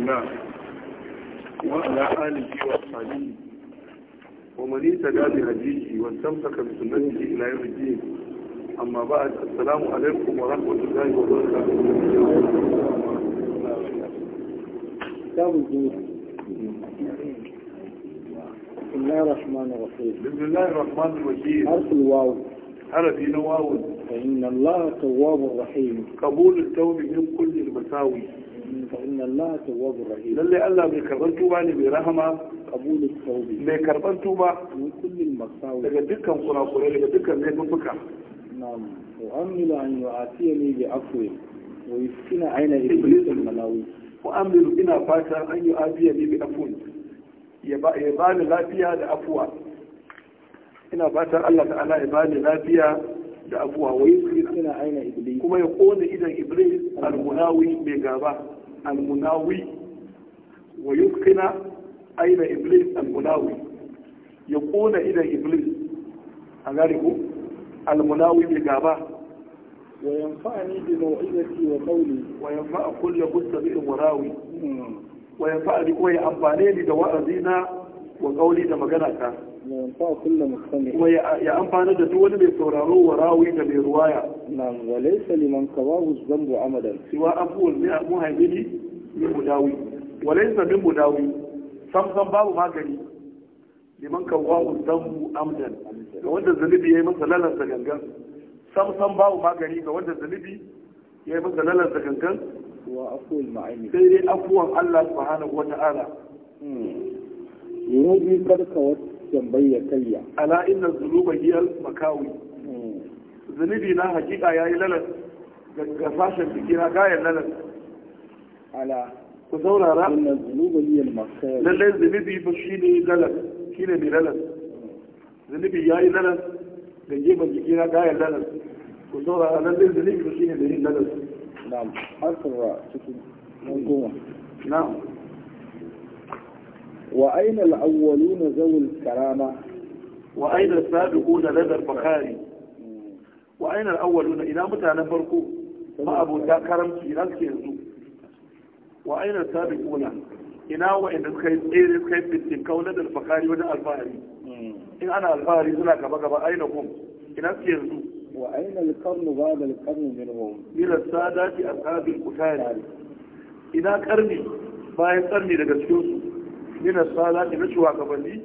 الله وعلى آله وأصحابه ومن اهتدى بهديه واستمسك بسنته إلى يوم الدين أما بعد السلام عليكم ورحمة الله وبركاته كتاب الجود بسم الله الرحمن الرحيم بسم الله الرحمن الرحيم حرف الواو حرف نواو فإن الله تواب رحيم قبول التوبة من كل المساوي فإن الله تواب رحيم للي الله بيكربان توبة بي رحمة قبول التوبة بيكربان توبة من كل المساوي لقد دكا مقنا قولي لقد دكا زي بكا نعم وأمل أن يعاتيني بعفو ويسكن عين إبليس الملاوي وأمل إنا فاتا أن يعاتيني بعفو يبان لا فيها لأفوى ina fatan Allah ta'ala ya bani lafiya da abuwa wai suna aina iblis kuma ya kone idan iblis al-munawi mai gaba المناوي ويتقن أين إبليس المناوي يقول إلى إبليس أغاربه المناوي بغابة وينفعني بموعظتي وقولي وينفع كل بس مستمع وراوي قوي ويأباني لدواء دينا وقولي دمجناتا kuma ya amfana da duk wani mai sauraro wa rawi da mai ruwaya na'am wa laysa liman kawahu zambu amadan siwa abuwal ne mu haibili ne mudawi wa laysa min mudawi sam sam babu magani liman kawahu zambu amadan ga wanda zalibi yayi masa lalata gangan sam babu magani ga wanda zalibi masa gangan sai dai Allah wa ta'ala hmm. bai ya kayya ala inna zunuba hiya makawi zunubi na hakika yayi lalas ga fashin bikina gayan lalas ala ku saurara inna zunuba hiya makawi lalle zunubi ba shine lalas shine mai lalas zunubi yayi lalas da gefen jikina gayan lalas ku saurara lalle zunubi ba shine ne lalas na'am har cikin goma na'am وأين الأولون ذوي الكرامة وأين السابقون لدى البخاري وأين الأولون إلى متى نفرقوا ما أبو ذا كرمت إلى الكيزو وأين السابقون إلى وإن الخيز إيه الخيز بالتنكو لدى البخاري ودى الباري إن أنا الباري هنا كما أين هم إلى الكيزو وأين القرن بعد القرن منهم إلى السادات أصحاب الكتاب إلى قرني ما قرني لك السيوسو min as-salati na shugabanni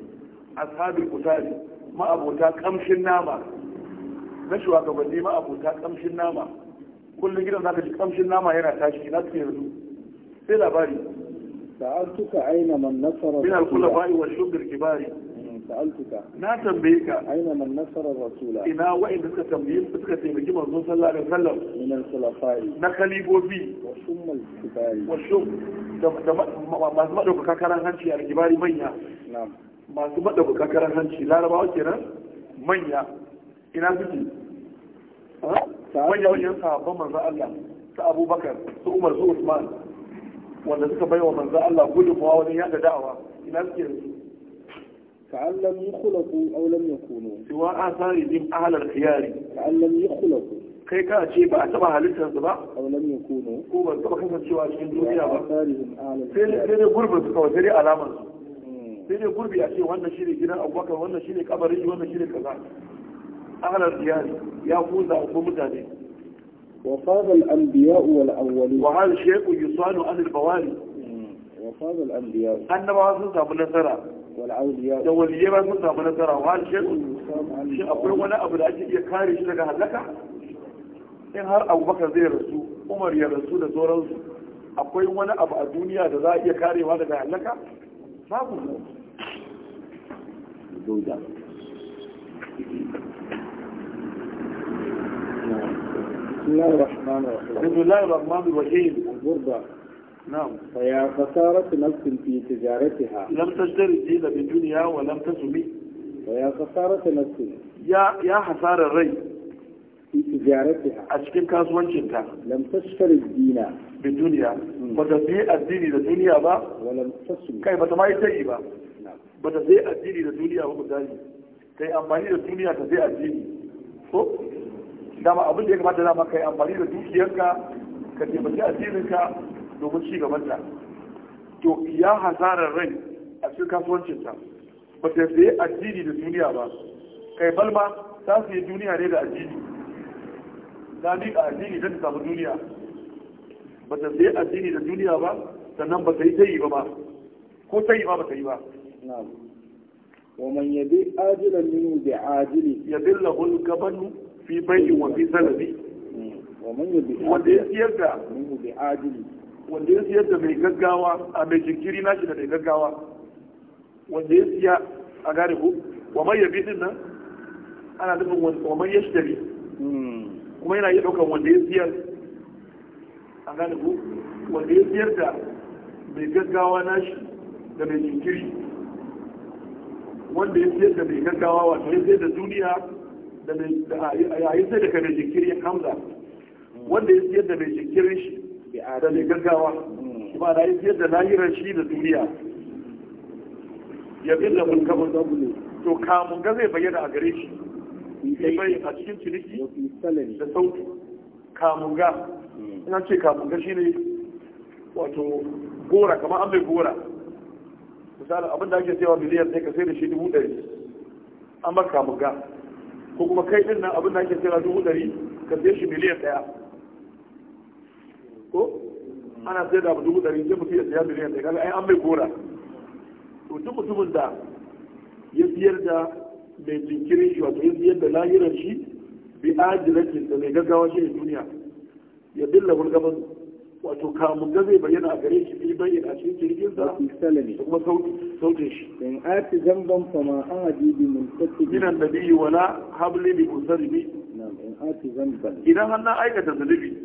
ashabul qutari ma abota kamshin nama na shugabanni ma kamshin nama kullum gidan ka ji kamshin nama yana tashi na tsaye yanzu sai labari Da an sa'altuka aina man nasara min al-khulafa'i wa shubr kibari na tambaye ka rasula ina wa'inda suka tambaye suka taimaki na masu hanci a manya masu hanci larabawa manya ina manya Allah Abubakar su Umar Usman wanda suka bai wa manzon Allah gudunmawa wajen yada da'awa ina suke yanzu كأن لم يخلقوا أو لم يكونوا سواء آثارهم أهل الخيار كأن لم يخلقوا kai ka ce ba a taba halittar ba aw lam ko ba taba kasancewa cikin duniya ba sai dai gurbin su kawai sai dai alamar sai dai gurbi a ce wannan shine gidan abubakar wannan shine kabarin shi wannan shine kaza ahlar diyari ya kuza ko mutane wa fadha al anbiya wal awwalin wa hal shay'un yusalu an al bawari wa annabawa sun samu nasara da waliyai ba sun samu nasara wa shi akwai wani abu da ake iya kare shi daga halaka in har abu baka zai rasu umar ya rasu da sauransu akwai wani abu a duniya da za a iya karewa daga halaka babu doda بسم الله الرحمن الرحيم بسم الله الرحمن الرحيم نعم فيا خسارة نفس في تجارتها لم تشتري الدين بالدنيا ولم تسمي فيا خسارة نفس يا يا خسارة الري في تجارتها أشكل كاس وانشنتا لم تشتري الدين بالدنيا بتبيع الدين للدنيا با ولم تسمي كيف ما يتعي با بتبيع الدين للدنيا هو بدالي kai amfani da duniya ta sai addini ko dama abin كي ya kamata dama kai amfani da dukiyarka ka domin ci gabanta to ya hasarar rai a cikin kasuwancinta ba ta sayi addini da duniya ba kai balma ta yi duniya ne da addini ta ni addini don ta samu duniya ba ta sayi addini da duniya ba sannan ba ta yi tayi ba ba ko tayi ba ba ta yi ba ومن يبيع عاجلا منه بعاجل يذله الكبن في بيع وفي سلبي ومن يبيع عاجلا منه بعاجل wanda ya siyar da mai gaggawa a mai jinkiri nashi da mai gaggawa wanda ya siya a gane ku wa mai yabi din nan ana nufin wa mai ya shidari kuma yana yi ɗaukar wanda ya siyar a gane ku wanda ya siyar da mai gaggawa nashi da mai jinkiri wanda ya siyar da mai gaggawa wato ya siyar da duniya da yayin sai da mai jinkiri hamza wanda ya siyar da mai jinkirin shi da mai gaggawa kuma na yi siyar da lahirar shi da duniya ya bin da ne to kamun ga zai bayyana a gare shi bai a cikin ciniki da sauki kamun ga hmm. ina ce kamun ga shine wato gora kamar an bai gora misali abin da ake cewa miliyan sai ka sai da shi dubu ɗari an ba kamun ga ko kuma kai ɗin nan abin da ake cewa dubu ɗari ka sai shi miliyan ɗaya ko ana sai da dubu ɗari ce mutu ya siya miliyan ɗaya kaga ai an mai gora to duk mutumin da ya siyar da mai jinkirin shi wato ya siyar da lahirar shi bi ajiratin da mai gaggawa shi ne duniya ya dilla gurgaban wato kamun ga zai bayyana a gare shi bayyana a cikin jirgin sa da kuma sautin shi in ati zamban fama an ajibi mun tattu minan annabi wala habli bi usarbi idan an aikata zulubi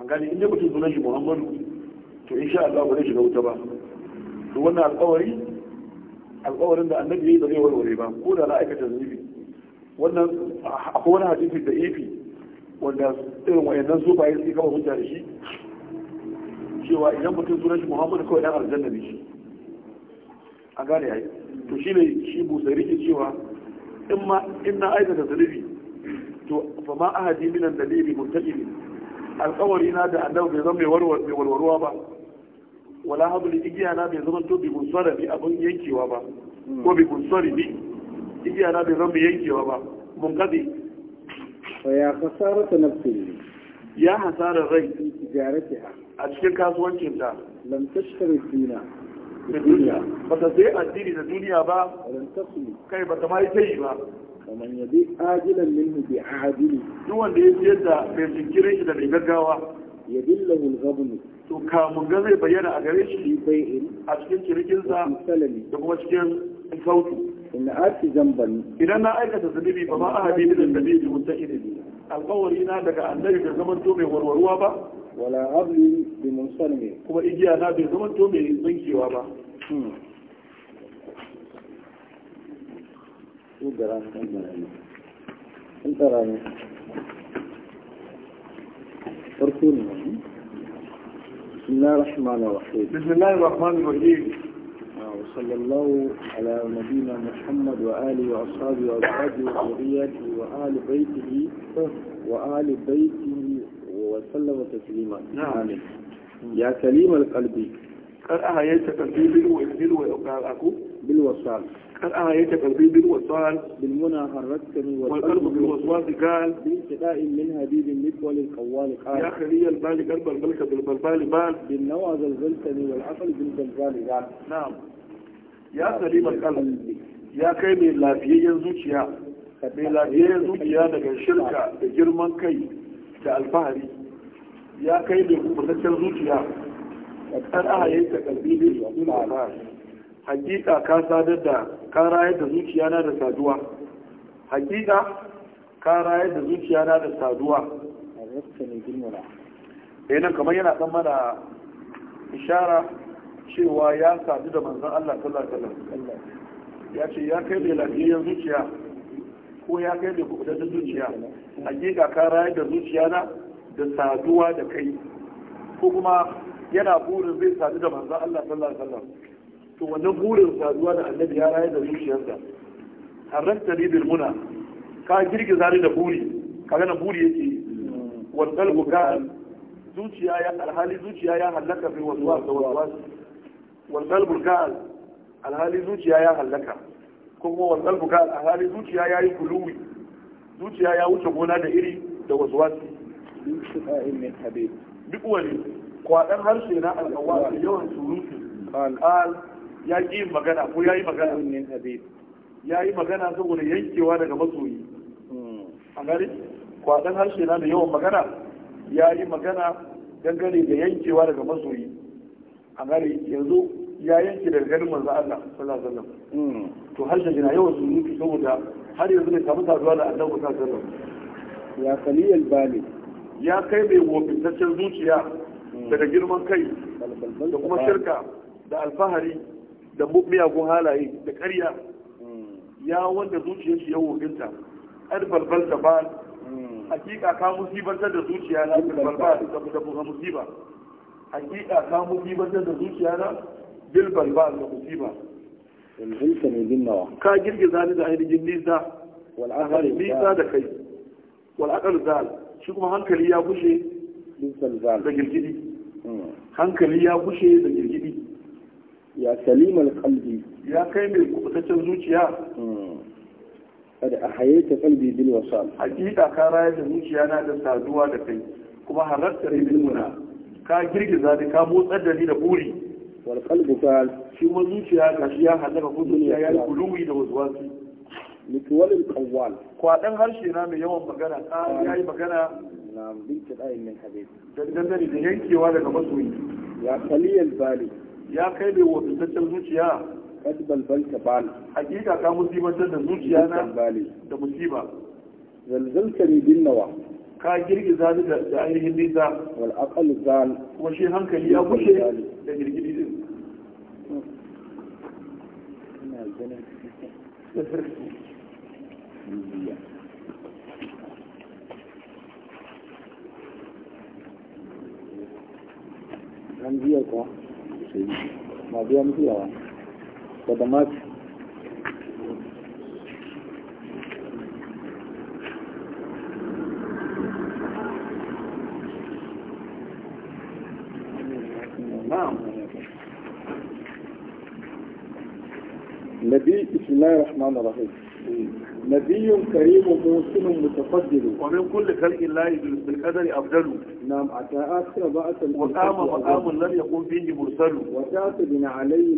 an gane inda mutum sunan shi muhammadu to in sha Allah ba zai shiga wuta ba to wannan alƙawari alƙawarin da annabi ya yi ba zai warware ba ko da na aikata zunubi wannan akwai wani hadisi da ifi wanda irin wayannan sufaye su kama hujja da shi cewa idan mutum sunan shi muhammadu kawai dan aljanna ne shi a gane yayi to shi ne shi busari ke cewa in ma in na aikata zunubi to fa ma ahadi minan dalili muttaqin alkawari na da annabi bai zama mai warwarwa ba wala habli igiya na bai zama to bi gunsara bi abun yankewa ba ko bi gunsari bi igiya na bai zama mai yankewa ba mun kadi fa ya ta nafsi ya hasara rai tijarati a cikin kasuwancin ta lam tashkari fina da duniya ba ta sai addini da duniya ba kai ba ta mai sai ba wa man yabi ajilan minhu bi ajili duk wanda ya siyar da mai jinkirin shi da mai gaggawa ya billahu al-ghabn to kamun ga zai bayyana a gare shi bai'in a cikin kirkin sa da kuma cikin sautu in ati zamban idan na aikata zunubi ba ma ahadi min annabi bi mutaqin alqawri na daga annabi bai zaman to ba wala habli bi munsalmi kuma igiya na bai zaman to mai zinkewa ba hmm. ودراسة انت رايح ارسل بسم الله الرحمن الرحيم بسم الله الرحمن الرحيم وصلى آه، الله على نبينا محمد وآله وأصحابه وأزواجه وذريته وآل بيته وآل بيته وسلم تسليما نعم يا كليم القلب قال أهيت قلبي بالوصال بالوصال الآن يتكلم بالوصال بالمنى حركتني والقلب بالوسواس قال بانتداء من هديد المثول القوال قال يا خلي البالي قلب الملكة بالبلبال بال بالنوى زلزلتني والعقل بالبلبال قال نعم يا سليم القلب يا كيمي لافيا في mai lafiyar zuciya daga shirka da girman kai da alfahari ya kai da kubutaccen zuciya a kan ahayin ta kalbi da su hakika ka sadar da ka rayar da zuciya na da saduwa hakika ka rayar da zuciya na da saduwa eh nan kamar yana dan mana ishara cewa ya sadu da manzan Allah sallallahu alaihi ya ce ya kai da lafiyar zuciya ko ya kai da da zuciya hakika ka rayar da zuciya na da saduwa da kai ko kuma yana burin zai sadu da manzan Allah sallallahu alaihi to wannan burin saduwa da annabi ya rayar da zuciyarsa harranta ta bil muna ka girgiza ni da buri Ka gana buri yake wal qalbu ka zuciya ya alhali zuciya ya halaka fi waswas da wasu wal qalbu ka alhali zuciya ya halaka kuma wal qalbu alhali zuciya ya yi kuluwi zuciya ya wuce gona da iri da wasu duk wani kwaɗan harshe na al'awwa yawan surutu قال ya ƙi yin magana ko ya yi magana ya yi magana saboda yankewa daga masoyi hmm. a gari kwaɗan harshe na da yawan magana ya yi magana dangane da yankewa daga masoyi a gari yanzu ya yanke daga ganin manzo Allah sallallahu alaihi wasallam hmm. to harshen na yawan surutu saboda har yanzu ne samu saduwa da Allah sallallahu alaihi wasallam ya kaliyal bali ya kai mai wofintaccen zuciya hmm. daga girman kai da kuma shirka da alfahari da miyagun halaye da karya ya wanda zuciyar shi ya wofinta an balbal da ba hakika ka musibantar da zuciya na balbal da da musiba hakika ka musibantar da zuciya na bil balbal da musiba ka girgiza ni da ainihin nisa nisa da kai wal'akar zal shi kuma hankali ya gushe da girgidi hmm. hankali ya gushe da girgidi ya salimal qalbi ya kai mai kubutaccen zuciya hmm. Kada a haye ta qalbi bil wasal hakika ka rayar da zuciya na da saduwa da kai kuma hararta ne bil muna ka girgiza ni ka motsar da ni da buri wal qalbu ka shi ma zuciya ka shi ya halaka ku zuciya ya guluwi da waswasi likwalil qawwal kwadan harshe na mai yawan magana ya yayi magana na bin kidai min habib dan dan da yankewa daga masoyi ya qaliyal bali ya kai mai wasantaccen zuciya kad balbal ka bal hakika ka musibantar da zuciya na da musiba zalzalta ni bin nawa ka girgiza ni da ainihin nisa wal aqal zal kuma shi hankali ya bushe da girgidi din Kan biya kuwa. شيء ما بيعمل فيها خدمات نبي نعم. بسم الله الرحمن الرحيم نبي كريم موسم متفضل ومن كل خلق الله بالقدر أفضل نعم أتى آخر بعث وقام مقام لم يقوم به مرسل وتأت بنا عليه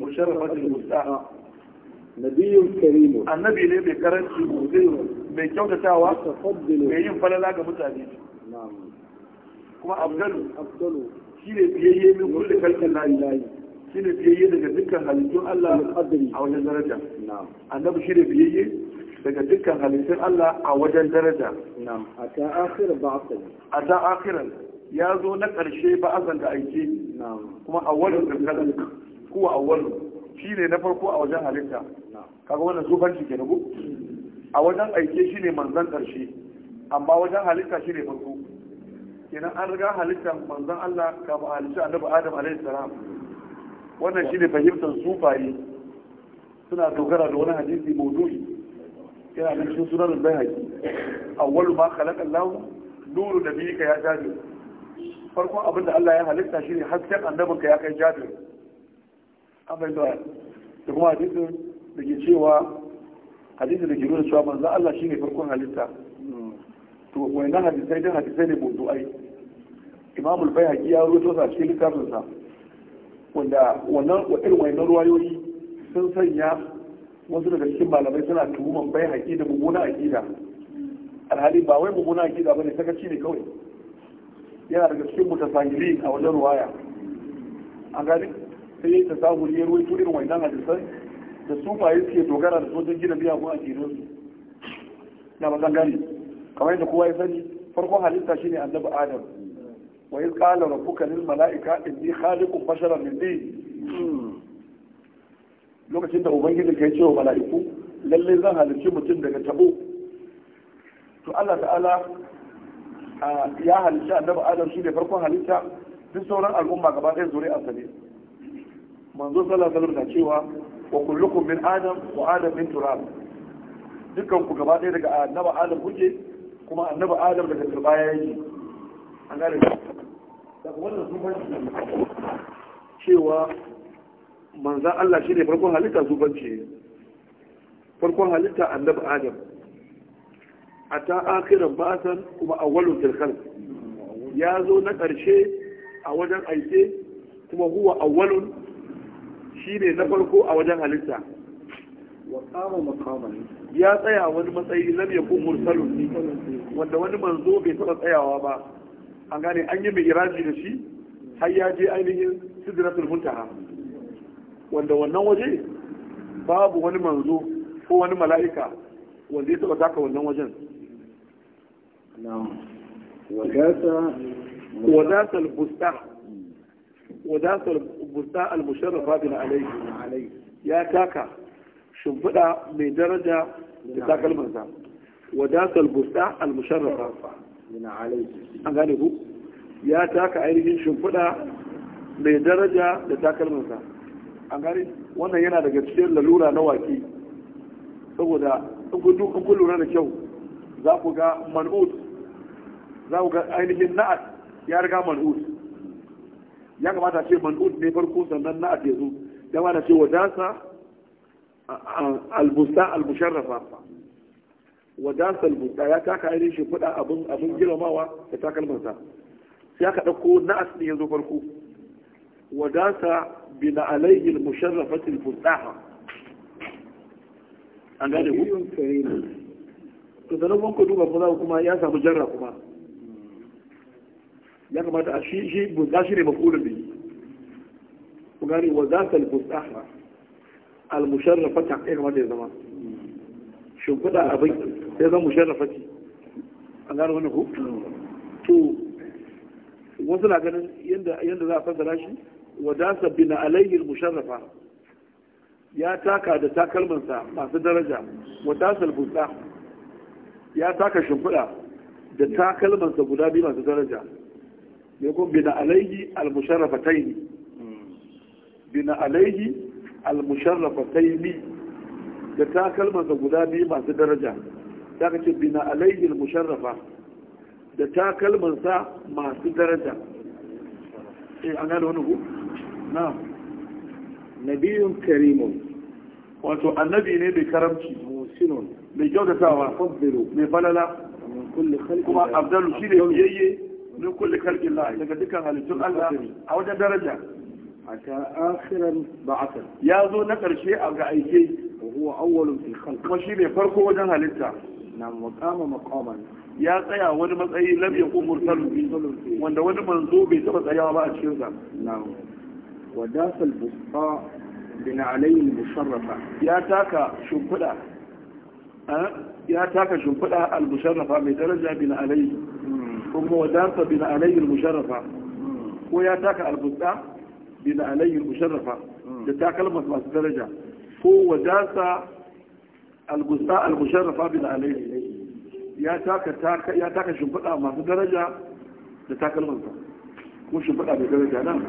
المشرفة المستعى نبي كريم النبي ليه بكرم mai kyautatawa mai yin falala ga mutane kuma abdalu shi ne biyayye min kulle kalkan layi shi ne biyayye daga dukkan halittun Allah a wajen daraja annabi shi ne biyayye daga dukkan halittun Allah a wajen daraja a ta akhirar ya zo na ƙarshe ba'asan da aiki kuma awwalin dukkan kuwa awwalin shi ne na farko a wajen halitta kaga wannan zubanci cikin nago a wajen aike shi ne manzan ƙarshe amma wajen halitta shi ne farko kenan an riga halitta manzan Allah kafin halitta annabi Adam alaihi salam wannan shi ne fahimtar sufaye suna dogara da wani hadisi maudu'i yana nan shi sunan bayhaqi awwalu ma khalaqa Allah nuru nabiyika ya jabir farkon abinda Allah ya halitta shine hasken annabinka ya kai jabir amma da da kuma hadisin da ke cewa hadisin da ke nuna cewa manzo Allah shine farkon halitta to wannan hadisi da hadisi ne maudu'ai imamul bayhaqi ya rubuta sa cikin littafinsa wanda wannan irin wayannan ruwayoyi sun sanya wasu daga cikin malamai suna tuhuman bai haƙi da mummuna aƙida alhali ba wai mummuna aƙida bane ba ne kawai yana daga cikin mutasahili a wajen ruwaya A gani sai ya yi tasahuri ya ruwaito irin wayannan hadisan da ba yake dogara da sojan gina biya ko aƙidun su na ba gani kamar yadda kowa ya sani farkon halitta shine annabi adam wa iz qala rabbuka lil mala'ika inni khaliqun basharan min tin lokacin da ubangiji kai cewa mala'iku lalle zan halicci mutum daga tabo to Allah ta'ala ya halicci annabi Adam shi ne farkon halitta duk sauran al'umma gaba ɗaya zuri a sane manzo sallallahu alaihi wasallam cewa wa kullukum min adam wa adam min turab dukkan ku gaba ɗaya daga annabi Adam kuke kuma annabi Adam daga turbaya yake an gane wannan zubanci cewa manza Allah shi ne farkon halitta zubanci farkon halitta annabi adam a ta akiran basan kuma a walon tilkal ya zo na ƙarshe a wajen aike kuma huwa a awwalun shi ne na farko a wajen halitta ya tsaya wani matsayi lam yakun mursalun wanda wani manzo bai taɓa tsayawa ba an gane an yi mai da shi har ya je ainihin sidratul muntaha wanda wannan waje babu wani manzo ko wani mala'ika wanda ya taba taka wannan wajen wadata al-busta wadata al-busta al-musharrafa bin alayhi ya taka shimfiɗa mai daraja da takalmansa wadata al-busta al-musharrafa an gane ku ya taka ainihin shimfiɗa mai daraja da takalminsa an gane wannan yana daga cikin lalura na waki saboda in kun na kun lura da kyau za ku ga man'ud za ku ga ainihin na'at ya riga man'ud ya kamata ce man'ud ne farko sannan na'at ya zo ya kamata ce dasa al-busta al-musharrafa wa dasal ya taka ainihin shi fuda abin abin girmamawa da takalmansa sai aka ɗauko na'as ne ya zo farko wa dasa bi na alayhi musharrafati al-fustaha an gane ku to sanan mun ku duba kuma kuma ya samu jarra kuma ya kamata a shi shi buɗa shi ne mafulun yi ku gane wa dasa al-fustaha al kai ya kamata ya zama shimfiɗa abin sai zan musharrafa ce an gano wani ku to wasu na ganin yadda za a fassara shi wadasa bina alayyar musharrafa ya taka da takalmansa masu daraja wadasar albusa ya taka shimfiɗa da takalmansa guda biyu masu daraja ya kuma bina alayyi al-musharrafa taini bina alayyi al-musharrafa yi da takalmansa guda biyu masu daraja da ka ce bina alayhi musharrafa da takalmansa masu daraja eh an gane wani ku na nabiyun karimun wato annabi ne mai karamci musinun mai kyautatawa fadlu mai falala kuma abdalu shi ne yayye min kulli khalqin Allah daga dukkan halittun Allah a wajen daraja aka akhiran ba'ath ya zo na karshe a ga aike huwa awwalun fi khalqi kuma shi ne farko wajen halitta nam wa qama maqaman ya tsaya wani matsayi lam yakun mursalu wanda wani manzo bai taba tsayawa ba a cikin sa nam wa dasal busqa bin alayhi musharrafa ya taka shimfida ya taka shimfida al musharrafa mai daraja bin alayhi hmm. kuma wa dasa bin alayhi musharrafa hmm. ko ya taka al busqa bin alayhi musharrafa hmm. da takalmas masu daraja ko wa dasa الغساء المشرفة بن عليه يا تاك تاك يا تاك شنفقة ما في درجة لتاك المنطقة مو شنفقة بدرجة نعم.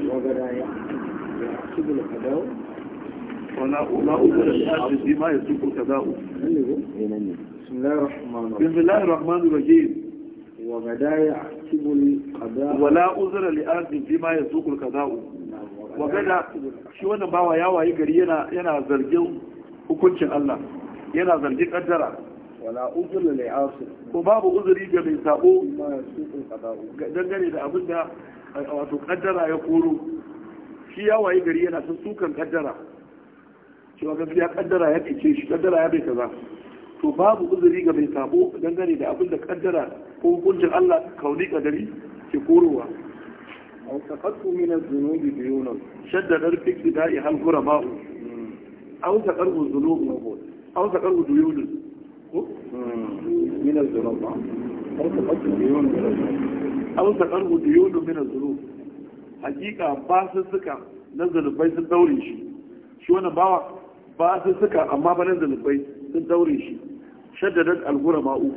لا ولا أقول الآخر بما يسوق كذاؤه بسم الله الرحمن الرحيم وغدا يحسب بما يسوق القضاء وغدا شي wannan bawa ya wayi gari yana yana zargin hukuncin Allah yana zargin kaddara wala uzur li asir ko babu uzuri ga mai sabo dangane da abinda wato kaddara ya koro shi ya wayi gari yana sun sukan kaddara cewa gaskiya kaddara ya fice shi kaddara ya bai kaza to babu uzuri ga mai sabo dangane da abin da kaddara ko hukuncin Allah kauni kadari ke korowa aw saqatu min az-zunub biyunun shaddada fi ibtida'i hal ghuraba'u aw saqaru dhunub aw saqaru duyunun min az-zunub aw saqatu duyunun min az-zunub aw saqaru duyunun min az zunubi hakika ba su suka na zalubai sun daure shi shi wannan bawa ba su suka amma banan zanubai sun daure shi shaddadan algura ma'u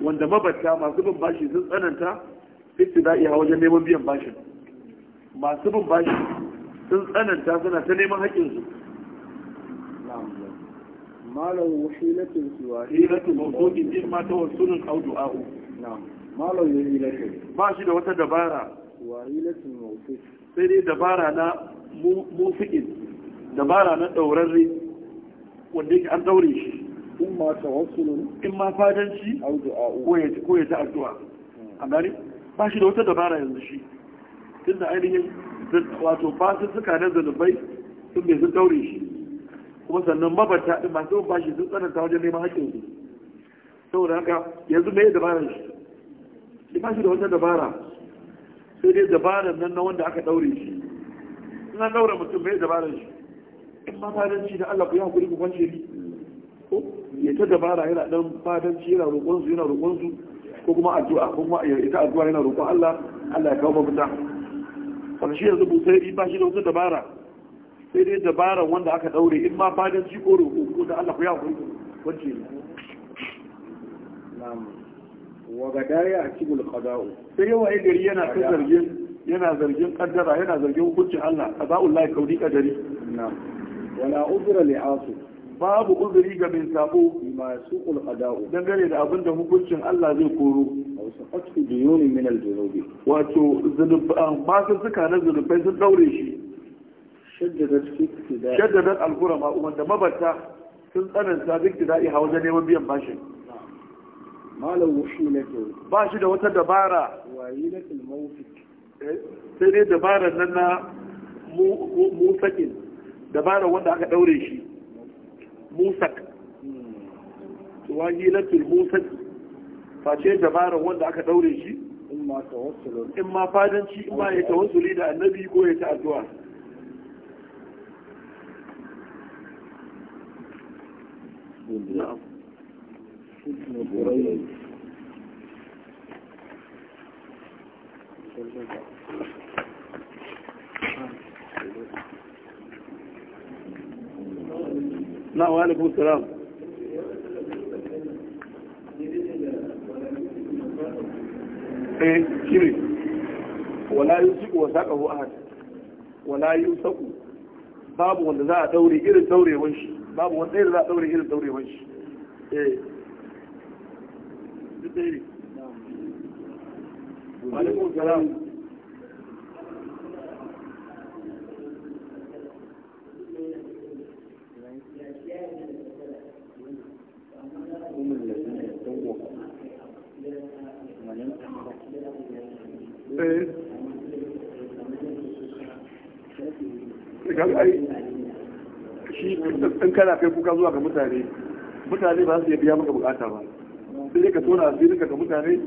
wanda mabatta masu bin bashi sun tsananta ibtida'i a wajen neman biyan bashin masu bin bashi sun tsananta suna ta neman haƙƙin su malam wahilatin siwa hilatin mawdu'in in ma tawassulun aw du'a'u na'am malam wahilatin ba shi da wata dabara wahilatin mawdu'in sai dai dabara na mufikin dabara na ɗaurarri wanda yake an daure shi in ma tawassulun in ma fadanci ko ya ko ya ta addu'a a gari ba shi da wata dabara yanzu shi tunda ainihin wato fasu suka na zanubai sun bai sun daure shi kuma sannan mabata din masu ba shi sun tsananta wajen neman haƙƙin su saboda haka yanzu mai dabarar shi ba shi da wata dabara sai dai dabarar nan na wanda aka daure shi in an mutum mai dabarar shi In ba fadanci da Allah ku yi hakuri ku kwance ni ko ya ta dabara yana dan fadanci yana roƙon su yana roƙon su ko kuma addu'a ko kuma ya ita addu'a yana roƙon Allah Allah ya kawo mafita wannan shi yanzu busai ba shi da wata dabara sai dai dabaran wanda aka daure in ma fadanci ko roƙo ko da Allah ku yi hakuri ku kwance ni wa gadara ya akibul qada'u sai yawa ai gari yana ta zargin yana zargin kaddara yana zargin hukuncin Allah qada'u Allah kaudi kadari na'am wala uzra li asu babu uzuri ga bin sabo ma suqul qada'u dangane da abin da hukuncin Allah zai koro aw saqatu duyuni min al dunubi wato zunuban ah, ba su suka na zunubai sun daure shi shaddadat iktida shaddadat al qurama umman da mabata sun tsananta iktida'i hawa da neman biyan bashin malam wushi ne wushilatu ba shi da wata dabara na mawfik eh, sai dai dabarar nan na mu sakin dabarar wanda aka daure shi musak tuwa hilatul musak face dabarar wanda aka daure shi in ma fadanci in ma ya tawassuli da annabi ko ya ta addu'a Thank you. na wani kusuram eh shiri wala yusiku wa saqahu ahad wala yusaku babu wanda za a daure irin daurewar shi babu wanda irin za a daure irin daurewar shi eh alaikum salam kaga shi in kana kai kuka zuwa ga mutane mutane ba su iya biya maka bukata ba sai ka tona asirin ka ga mutane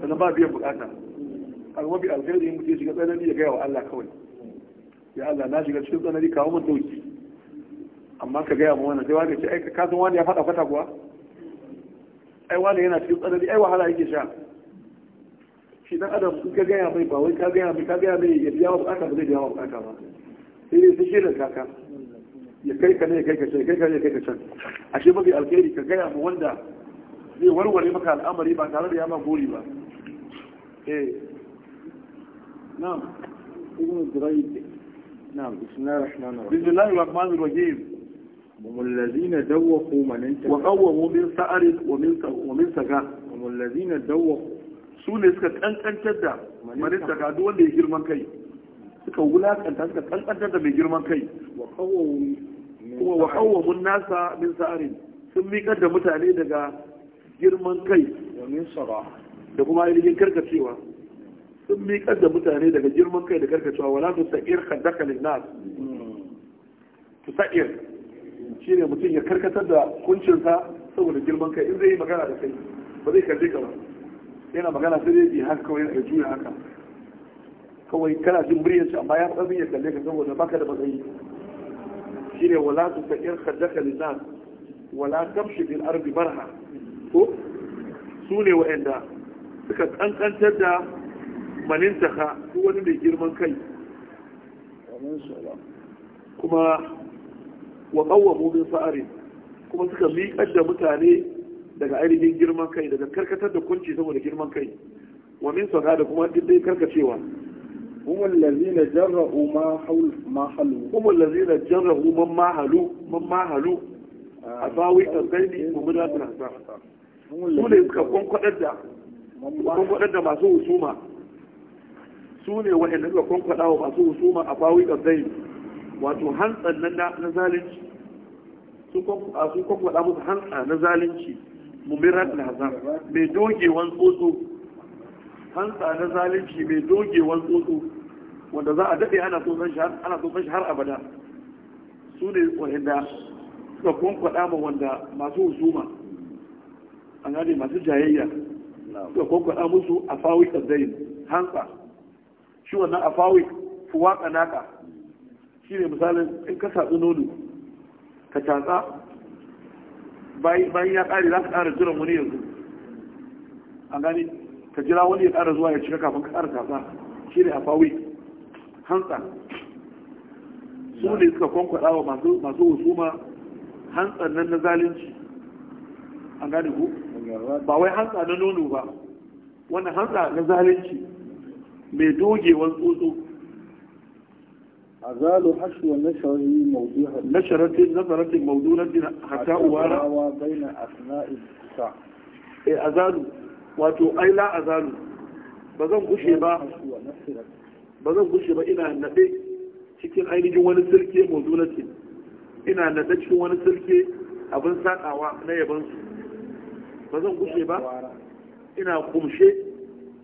sannan ba biyan bukata a kuma bi alkhairi mutum shiga tsanani ya gaya wa Allah kawai ya Allah na shiga cikin tsanani kawo mun dauki amma ka gaya mu wannan sai wani ce ai ka san wani ya faɗa fata kuwa ai wani yana cikin tsanani ai wahala yake sha shi dan adam in ka gaya mai ba wai ka gaya mai ka gaya mai ya biya wa bukata ba zai biya wa bukata ba sai shirin kaka ya kai ka ne ya kai ka can ya mafi alkhairi ka gaya mu wanda zai warware maka al'amari ba tare da ya ma ba eh na'am ibn durayd na'am bismillahir rahmanir rahim bismillahir rahmanir rahim هم الذين دوقوا من انت وقوموا من سعر ومن ومن سقى هم الذين دوقوا su ne suka kankantar da manin daga duk wanda ya girman kai suka wulakanta suka kankantar da mai girman kai kuma wa mun nasa min sa'arin sun miƙar da mutane daga girman kai da kuma ainihin karkacewa sun miƙar da mutane daga girman kai da karkacewa wala su sa'ir haddaka linnas su sa'ir shi ne mutum ya karkatar da kuncinsa saboda girman kai in zai yi magana da kai ba zai karbi ka ba yana magana sai dai haka kawai ya juya haka kawai kana jin muryar shi amma ya fi ya kalle ka saboda baka da matsayi shine wala tu fa'ir khaddaka linas wala tamshi bil ardi ha? ko su ne wa'anda suka kankantar da manintaka ko wani mai girman kai kuma wa qawwamu min sa'ari kuma suka miƙar da mutane daga ainihin girman kai daga karkatar da kunci saboda girman kai wa min sada da kuma duk dai karkacewa هم الذين جرؤوا ما حول ما حلوا هم الذين ne suka kwankwadar da kwankwadar su ne waɗanda suka kwankwada wa masu husuma a bawi ƙasai wato hantsan na zalunci su kwankwada musu hantsa na zalunci mumirat na hazan mai dogewan tsotso hantsa na zalunci mai dogewan tsotso wanda za a daɗe ana tsofan shi har abada su ne wahanda suka kwankwada ma wanda masu husuma an gane masu jayayya suka kwankwada musu a fawi ɗazzayin hansa shi wannan a fawi fuwa ƙanaka shi ne misalin in ka satsi nono ka tatsa bayan ya ƙare za ka ƙara jiran wani yanzu an gane ka jira wani ya ƙara zuwa ya cika kafin ka ƙara tatsa shi ne a fawi hantsa su ne suka kwankwada wa masu husuma hantsan nan na zalunci an gane ku ba wai hantsa na nono ba Wani hantsa na zalunci mai dogewar tsotso A hashu wa nasharati mawdu'a maudu na mawdu'a dina hatta uwara na. baina asna'i sa e eh, azalu wato aila azalu ba zan kushe ba ba zan gushe ba ina naɗe cikin ainihin wani sirke mozunati ina naɗe cikin wani sirke abin saƙawa na yabansu ba zan gushe ba ina kumshe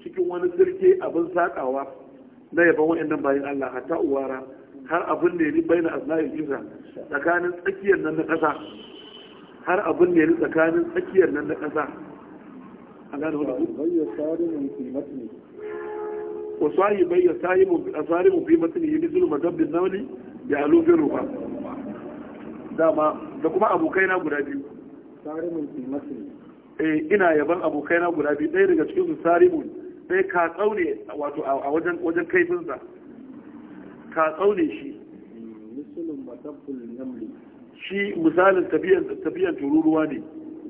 cikin wani sirke abin saƙawa na yaban wa'annan bayan Allah hatta uwara har abin da ya riba yana asna'in jisa tsakanin tsakiyar nan na ƙasa har abin da ya riba tsakanin tsakiyar nan na ƙasa a gane wani wa sahibai ya sahibu fi mutum yi bisul magabbin nauli da alufin rufa dama da kuma abokai na guda biyu eh ina yaban abokaina guda biyu ɗaya daga cikin su sarimun Sai ka tsaune wato a wajen wajen kaifinsa ka tsaune shi misulun matabbul namli shi misalin tafiyan tururuwa ne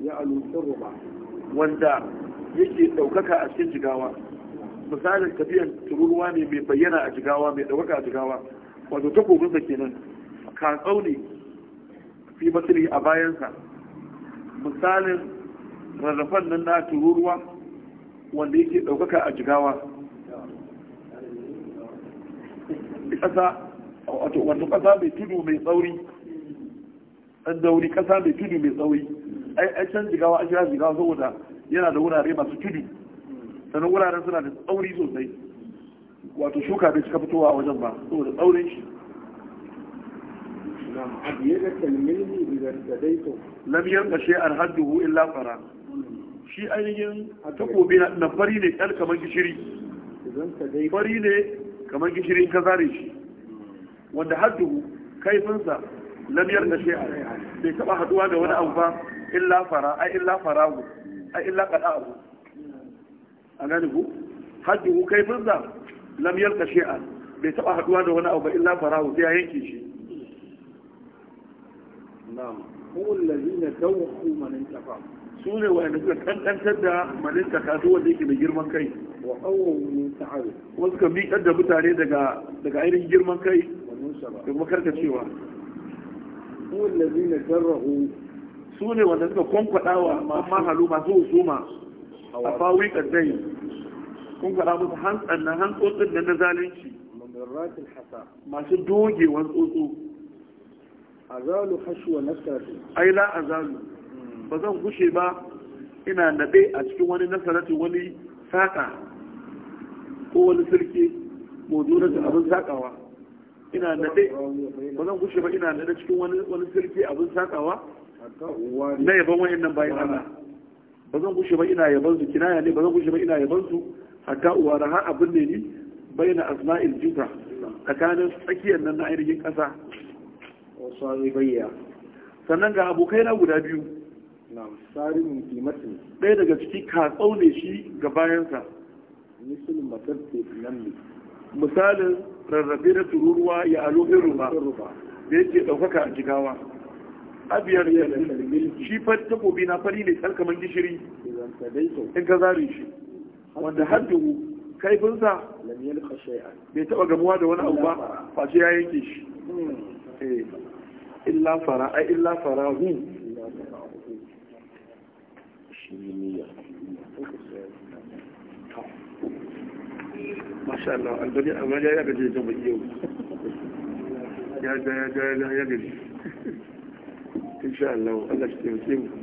ya alusar rufa wanda yake ɗaukaka a cikin jigawa misalin tafiyan tururuwa ne mai bayyana a jigawa mai ɗaukaka a jigawa wato da kenan ka tsaune fi matsiri a bayansa misalin rarrafan nan na tururuwa wanda yake ɗaukaka a jigawa ƙasa wato ƙasa mai tudu mai tsauri ɗan dauri ƙasa mai tudu mai tsauri ai can jigawa an kira jigawa saboda yana da wurare masu tudu sannan wuraren suna da tsauri sosai wato shuka bai cika fitowa a wajen ba saboda tsaurin shi lam yanka shay'an hadduhu illa fara shi ainihin takobi na fari ne kal kamar gishiri fari ne kamar gishiri ka zare shi wanda hadduhu kaifinsa lam yanka kashe bai taba haduwa da wani abu ba illa fara ai illa farahu ai illa abu. an gane ku hajji ku kai firza lam yalka shi'a bai taba haduwa da wani abu illa farahu sai ya yanke shi na'am hum allazina tawqu man intafa su ne wanda suka kankantar da malinta kasuwa da yake da girman kai wa qawmun ta'awu wasu ka miƙar da mutane daga daga ainihin girman kai da kuma karkacewa hum allazina jarrahu su ne wanda suka kwankwada wa amma halu masu husuma a fawi kaddai kun faɗa musu hantsan na hantsotsin da na zalunci masu dogewan tsotso zalu hashuwa nasarati ai la zalu ba zan gushe ba ina naɗe a cikin wani nasarati wani saƙa ko wani sirke mozunar da abin saƙawa ina naɗe ba zan gushe ba ina naɗe cikin wani sirke abin saƙawa na yaban nan bayan ana ba zan gushe ba ina yaban su kinaya ne ba zan gushe ba ina yaban su hatta uwara har abin ne ni na asma'il juga tsakanin tsakiyar nan na ainihin ƙasa wasu bayya sannan ga abokai na guda biyu sarimin kimatin ɗaya daga ciki katsau ne shi ga bayansa misalin matar nan ne misalin rarrabe tururuwa ya alo ruba. da yake ɗaukaka a jigawa abiyar ya shi fa takobi na fari ne tsarkaman gishiri in ka zare shi وتحده كيف انسى لم يلقى شيئا بيتبع جمواد وانا أبا فاشي عيكيش إلا فرا أي إلا فراه ما شاء الله البديع ما جاء يبدي جمع اليوم يا جاء يا جاء يا جاء يا جاء إن شاء الله الله يشتري وسيمكم